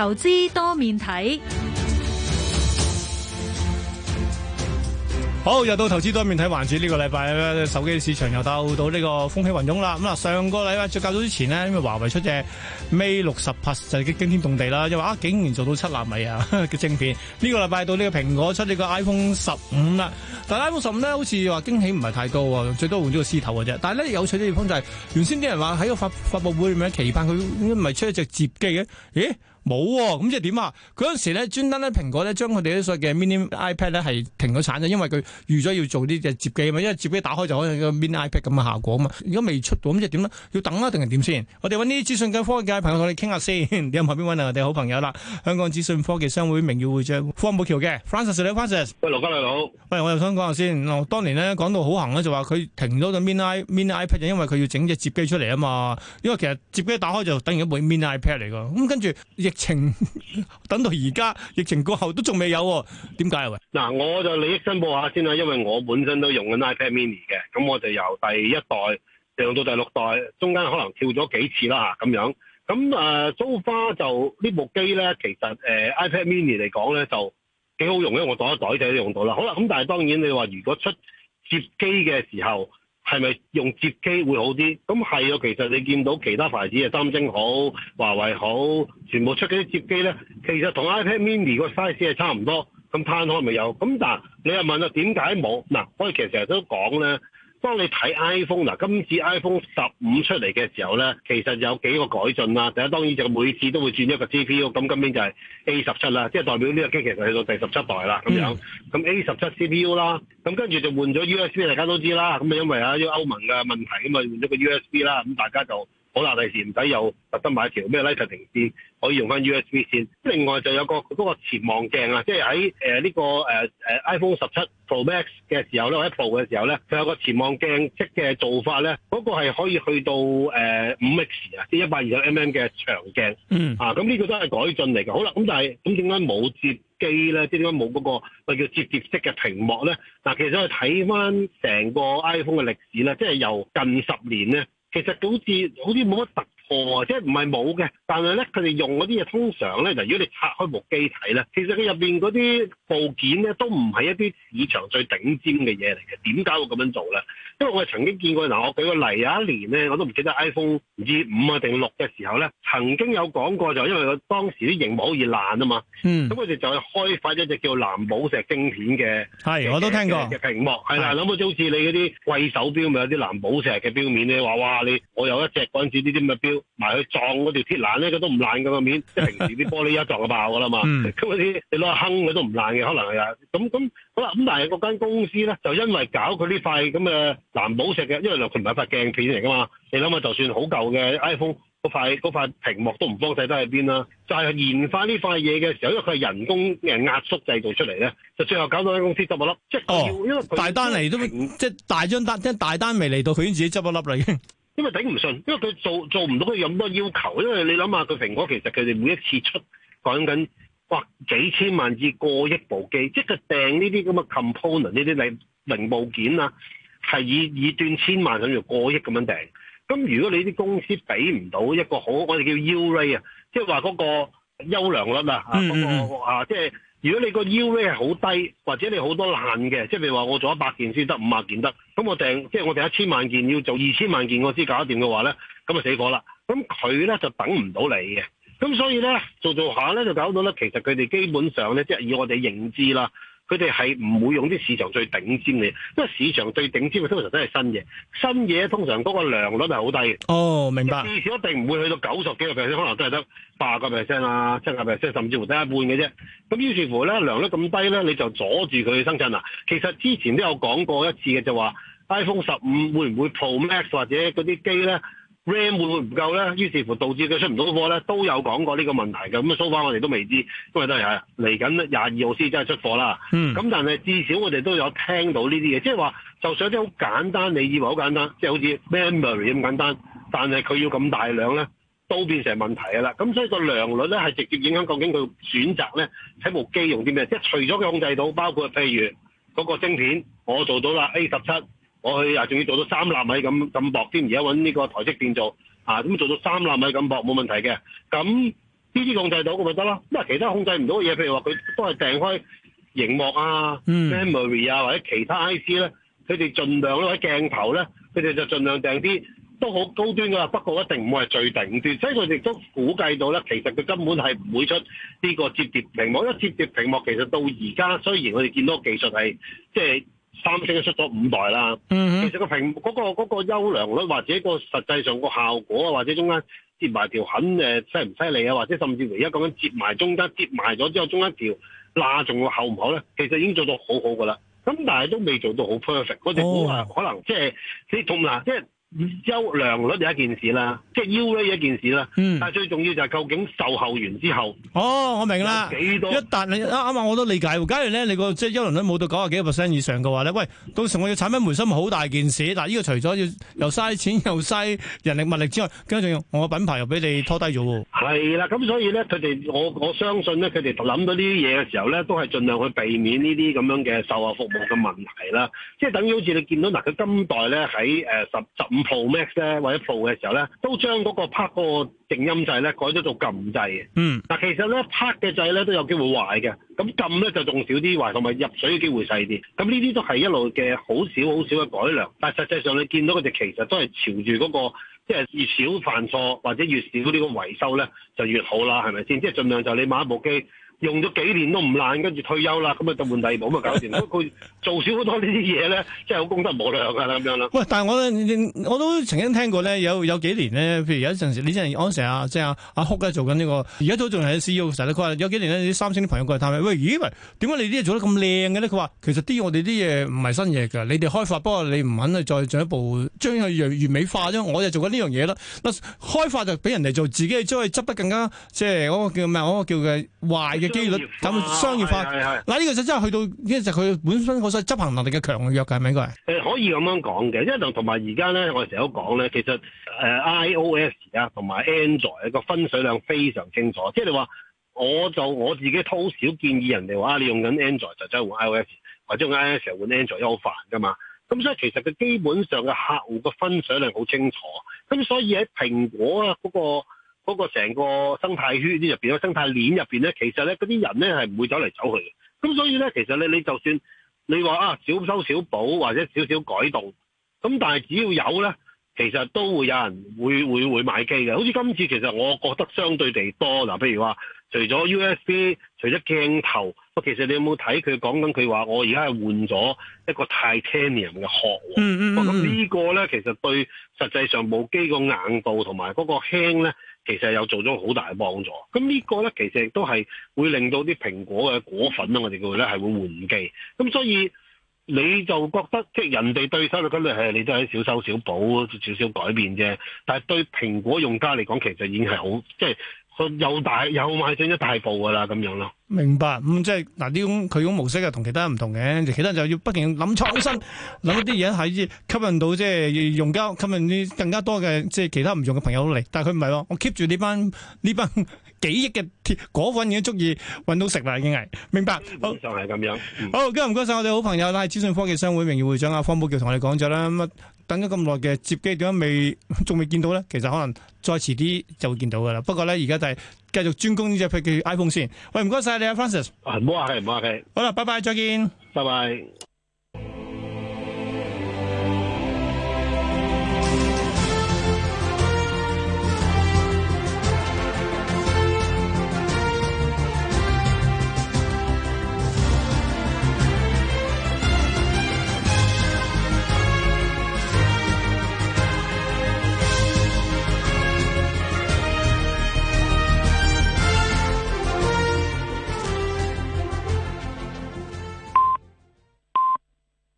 投資多面睇，好，又到投資多面睇環節。呢個禮拜手機市場又鬥到到呢個風起雲湧啦。咁嗱，上個禮拜最較早之前呢因為華為出隻 Mate 60 Plus 就驚天動地啦。因為啊，竟然做到七納米啊嘅晶片。呢個禮拜到呢個蘋果出呢個 iPhone 十五啦。但係 iPhone 十五呢，好似話驚喜唔係太高喎，最多換咗個絲頭嘅啫。但係呢，有趣嘅地方就係原先啲人話喺個發發布會裏面期盼佢唔係出一隻摺機嘅，咦？冇喎，咁即係點啊？嗰陣、啊、時咧，專登咧，蘋果咧，將佢哋所謂嘅 mini iPad 咧係停咗產，因為佢預咗要做呢隻摺機啊嘛，因為摺機打開就可以個 mini iPad 咁嘅效果啊嘛。如果未出到，咁即係點呢？要等啊，定係點先？我哋搵啲資訊科技界朋友同你哋傾下先。 你喺後邊揾啊，我哋好朋友啦，香港資訊科技商會名譽會長方保僑嘅 Francis 咧，Francis，喂，羅家麗老，喂，喂我又想講下先。哦，當年呢，講到好行呢，就話佢停咗個 mini mini iPad 因為佢要整隻摺機出嚟啊嘛。因為其實摺機打開就等於一部 mini iPad 嚟噶，咁、嗯、跟住。疫情等到而家，疫情過後都仲未有，點解啊？嗱，我就利益申報下先啦，因為我本身都用緊 iPad Mini 嘅，咁我就由第一代就用到第六代，中間可能跳咗幾次啦，咁樣，咁誒，So far 就這部機，呢部機咧，其實誒、呃、iPad Mini 嚟講咧就幾好用嘅，我袋一袋仔都用到啦，好啦，咁但係當然你話如果出摺機嘅時候。係咪用摺機會好啲？咁係啊，其實你見到其他牌子嘅三星好、華為好，全部出嗰啲摺機咧，其實同 iPad Mini 個 size 係差唔多，咁攤開咪有。咁但你又問啦，點解冇？嗱，我哋其實成日都講咧。當你睇 iPhone 嗱，今次 iPhone 十五出嚟嘅時候咧，其實有幾個改進啦。第一當然就每次都會轉一個 CPU，咁今年就係 A 十七啦，即係代表呢個機其實去到第十七代啦咁樣。咁、嗯、A 十七 CPU 啦，咁跟住就換咗 USB，大家都知啦。咁啊因為啊啲歐盟嘅問題，咁啊換咗個 USB 啦，咁大家就。好啦，第時唔使又特登買條咩 Lightning 線，可以用翻 USB 線。另外就有個嗰個潛望鏡啊，即係喺誒呢個誒、uh, uh, iPhone 十七 Pro Max 嘅時候咧，或者 Pro 嘅時候咧，佢有個潛望鏡式嘅做法咧，嗰個係可以去到誒五 X 啊，即係一百二十 mm 嘅長鏡。嗯。Mm. 啊，咁呢個都係改進嚟嘅。好啦，咁但係咁點解冇摺機咧？即點解冇嗰個叫摺疊式嘅屏幕咧？嗱、啊，其實我睇翻成個 iPhone 嘅歷史咧，即係由近十年咧。其實佢好似，好似冇乜特。哦，即係唔係冇嘅，但係咧佢哋用嗰啲嘢通常咧，就如果你拆開部機睇咧，其實佢入邊嗰啲部件咧都唔係一啲市場最頂尖嘅嘢嚟嘅。點解會咁樣做咧？因為我係曾經見過，嗱我舉個例，有一年咧我都唔記得 iPhone 唔知五啊定六嘅時候咧，曾經有講過就因為佢當時啲熒幕好易爛啊嘛。咁佢哋就去開發一隻叫藍寶石晶片嘅，係我都聽過屏幕。係嗱的，諗佢就好似你嗰啲貴手錶咪有啲藍寶石嘅表面咧，話哇你我有一隻，跟住呢啲咁嘅錶。埋去撞嗰條鐵欄咧，佢都唔爛嘅個面。 即係平時啲玻璃一撞就爆噶啦嘛。咁啲、嗯、你攞下坑佢都唔爛嘅，可能係啊。咁咁好啦。咁但係嗰間公司咧，就因為搞佢呢塊咁嘅藍寶石嘅，因為佢唔係塊鏡片嚟噶嘛。你諗下，就算好舊嘅 iPhone 嗰塊塊屏幕都唔方細得喺邊啦。就係、是、研發呢塊嘢嘅時候，因為佢係人工嘅壓縮製造出嚟咧，就最後搞到間公司執咗粒，即係、哦、大單嚟都、嗯、即係大張單，即係大單未嚟到，佢已經自己執粒粒啦已經。因為頂唔順，因為佢做做唔到佢咁多要求，因為你諗下佢蘋果其實佢哋每一次出講緊哇幾千萬至過億部機，即係佢訂呢啲咁嘅 component 呢啲零部件啊，係以以斷千萬咁就過億咁樣訂。咁如果你啲公司俾唔到一個好我哋叫 yield rate，嗯嗯啊，即係話嗰個優良率啊，嗰個啊即係。如果你個腰咧係好低，或者你好多爛嘅，即係譬如話我做一百件先得，五啊件得，咁我訂即係我哋一千萬件要做二千萬件我先搞掂嘅話咧，咁就死火啦！咁佢咧就等唔到你嘅，咁所以咧做做下咧就搞到咧，其實佢哋基本上咧即係以我哋認知啦。佢哋係唔會用啲市場最頂尖嘅，因為市場最頂尖嘅通常都係新嘢，新嘢通常嗰個良率係好低嘅。哦，明白。至少一定唔會去到九十幾個 percent，可能都係得八個 percent 啊，七個 percent，甚至乎得一半嘅啫。咁於是乎咧，良率咁低咧，你就阻住佢去生震啦。其實之前都有講過一次嘅，就話 iPhone 十五會唔會 Pro Max 或者嗰啲機咧？Ram 會唔會唔夠咧？於是乎導致佢出唔到貨咧，都有講過呢個問題噶。咁啊，so far 我哋都未知，因為都係嚟緊廿二號先真係出貨啦。咁、嗯、但係至少我哋都有聽到呢啲嘢，即係話，就算啲好簡單，你以為好簡單，即係好似 memory 咁簡單，但係佢要咁大量咧，都變成問題噶啦。咁所以個量率咧係直接影響究竟佢選擇咧，喺部機用啲咩？即係除咗佢控制到，包括譬如嗰個晶片，我做到啦 A 十七。我去啊，仲要做到三納米咁咁薄先，而家揾呢個台積電做啊，咁做到三納米咁薄冇問題嘅。咁呢啲控制到咪得咯？咁啊，其他控制唔到嘅嘢，譬如話佢都係訂開螢幕啊、memory、嗯、啊或者其他 IC 咧，佢哋盡量咧喺鏡頭咧，佢哋就盡量訂啲都好高端噶啦，不過一定唔會係最頂端。所以佢哋都估計到咧，其實佢根本係唔會出呢個摺疊屏幕。因為摺疊屏幕其實到而家，雖然我哋見到技術係即係。就是三星都出咗五代啦，嗯、哼其實、個屏嗰、個嗰、個、優良率或者個實際上個效果啊，或者中間摺埋條痕誒，犀唔犀利啊？或者甚至而家咁樣摺埋中間摺埋咗之後，中間條罅仲厚唔厚咧？其實已經做到好好噶啦，咁但係都未做到好 perfect，嗰啲啊，oh、可能即係你同嗱即係。就是優良率就一件事啦，即係優呢一件事啦，嗯、但係最重要就係究竟售後完之後，哦，我明啦，幾多一笪你啱啱，啊啊，我都理解。假如咧你個即係優良率冇到九十幾個 percent 以上嘅話咧，喂，到時我要產品回心好大件事。嗱，呢個除咗要又嘥錢又嘥人力物力之外，跟住仲要我品牌又俾你拖低咗。係啦，咁所以咧，佢哋我我相信咧，佢哋諗到呢啲嘢嘅時候咧，都係盡量去避免呢啲咁樣嘅售後服務嘅問題啦。即係等於好似你見到嗱，佢，呃，今代咧喺誒十十 Pro Max 咧或者 Pro 嘅時候咧，都將嗰個拍嗰個靜音掣咧改咗做撳掣嘅。嗯，嗱其實咧拍嘅掣咧都有機會壞嘅，咁撳咧就仲少啲壞，同埋入水嘅機會細啲。咁呢啲都係一路嘅好少好少嘅改良。但實際上你見到佢哋其實都係朝住嗰個，即係越少犯錯或者越少呢個維修咧就越好啦，係咪先？即係盡量就你買一部機。用咗幾年都唔爛，跟住退休啦，咁啊就換第二部咁啊搞掂。咁佢做少好多呢啲嘢咧，真係好功德無量㗎啦咁樣啦。喂，但係我呢我都曾經聽過咧，有有幾年咧，譬如有一陣時，真啲人安石啊，即係阿啊 Cook 啊做緊、這、呢個，而家都仲係 CEO 實咧。佢話有幾年咧，啲三星啲朋友過嚟探咧，喂，咦喂，點解你啲嘢做得咁靚嘅咧？佢話其實啲我哋啲嘢唔係新嘢㗎，你哋開發不過你唔肯去再進一步將佢完完美化啫。我就做緊呢樣嘢啦，嗱開發就俾人哋做，自己係將佢執得更加即係嗰個叫咩啊？嗰個叫嘅壞嘅機率咁商業化，嗱呢個就真係去到呢個就佢、是、本身嗰個執行能力嘅強弱㗎，係咪應該？誒可以咁樣講嘅，因為同埋而家咧，我哋成日都講咧，其實誒、呃、iOS 啊同埋 Android 個分水嶺非常清楚，即係你話我就我自己好少建議人哋話你用緊 Android 就真係換 iOS，或者用 iOS 換 Android 都好煩㗎嘛。咁所以其實佢基本上嘅客戶個分水嶺好清楚，咁所以喺蘋果啊嗰、那個。嗰個成個生態圈啲入邊，個生態鏈入邊咧，其實咧嗰啲人咧係唔會走嚟走去嘅。咁所以咧，其實你你就算你話啊，小修小補或者少少改動，咁但係只要有咧，其實都會有人會會會買機嘅。好似今次其實我覺得相對地多嗱，譬如話除咗 USB，除咗鏡頭。其實你有冇睇佢講緊？佢話我而家係換咗一個 Titanium 嘅殼喎。咁、嗯嗯、呢個咧，其實對實際上冇機個硬度同埋嗰個輕咧，其實有做咗好大嘅幫助。咁呢個咧，其實亦都係會令到啲蘋果嘅果粉啊，我哋叫佢咧係會換機。咁所以你就覺得，即係人哋對手嘅咁你係你都係少修少補少少改變啫。但係對蘋果用家嚟講，其實已經係好即係。又大又邁上一大步噶啦，咁樣咯。明白，咁、嗯、即係嗱，呢種佢種模式啊，同其他人唔同嘅，其他人就要不停諗創新，諗啲嘢，喺吸引到即係用家吸引啲更加多嘅即係其他唔用嘅朋友嚟。但係佢唔係喎，我 keep 住呢班呢班幾億嘅果粉已經足以搵到食啦，已經係明白。就係咁樣。好，好，今日唔該晒我哋好朋友啦，資訊、嗯、科技商會名譽會長阿方保僑同我哋講咗啦。等咗咁耐嘅摺機點解未仲未見到咧？其實可能再遲啲就會見到噶啦。不過咧，而家就係繼續專攻呢隻嘅 iPhone 先。喂，唔該晒你啊，Francis。唔好客氣，唔好客氣。好啦，拜拜，再見。拜拜。